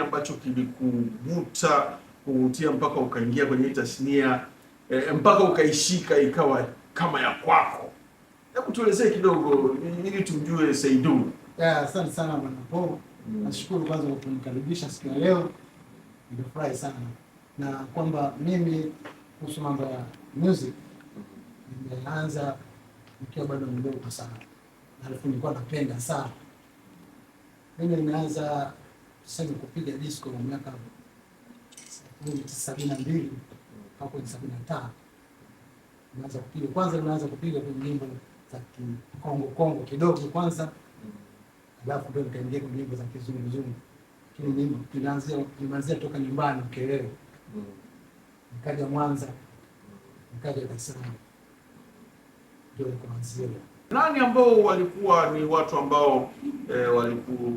ambacho kilikuvuta kuvutia mpaka ukaingia kwenye tasnia e, mpaka ukaishika ikawa kama ya kwako? Hebu tuelezee kidogo ili tumjue Saidu. Asante sana bwana Paul. Mm. Nashukuru kwanza kwa kunikaribisha siku ya leo, nimefurahi sana na kwamba mimi kuhusu mambo ya music nimeanza nikiwa bado mdogo sana, alafu nilikuwa napenda sana mimi nimeanza tuseme kupiga disco na miaka sabini na mbili au kwenye sabini na tano naanza kupiga kwanza, naanza kupiga kwenye nyimbo za Kikongo Kongo kidogo kwanza, alafu ndio nikaingia kwenye nyimbo za kizunguzungu, lakini nyimbo nimeanzia toka nyumbani Mkeleo, nikaja Mwanza, nikaja Dar es Salaam, ndio nikaanzia nani ambao walikuwa ni watu ambao e,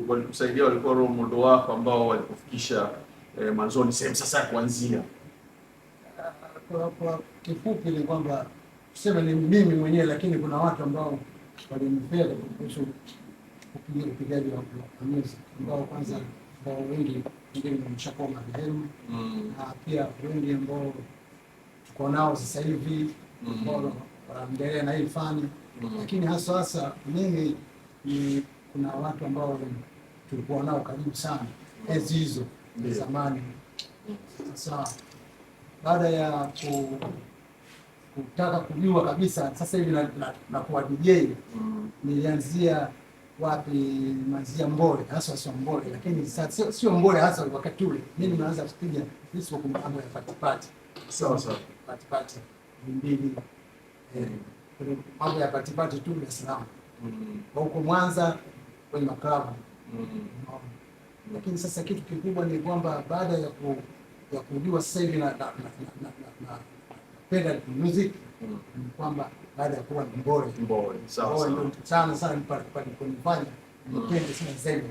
walikusaidia walikuwa role model wako ambao walikufikisha e, mwanzoni sehemu sasa ya kuanzia? Kwa, kwa kifupi ni kwamba tuseme ni mimi mwenyewe, lakini kuna watu ambao walinipenda kuhusu upigaji wa kamizi ambao kwanza ambao wengi wengine wameshakuwa marehemu mm. na pia wengi ambao tuko nao sasa hivi mm. ambao wanaendelea na hii fani mm Lakini hasa hasa mimi ni kuna watu ambao tulikuwa nao karibu sana enzi hizo za zamani. Sasa baada ya kutaka kujua kabisa sasa hivi na, na, na kuwa DJ mm. Nilianzia wapi? Manzia Mbole hasa sio Mbole, lakini sio sio Mbole hasa wakati ule mimi nimeanza kupiga mambo ya patipati, sawa sawa, patipati mbili mambo ya patipati tu Dar es Salaam mm. huko Mwanza kwenye maklabu mm. lakini sasa kitu kikubwa ni kwamba baada ya ku ya kujua sasa hivi na pedal music mm. ni kwamba baada ya kuwa Mbore Mbore sana sana nipate kwa kunifanya nipende sana zaidi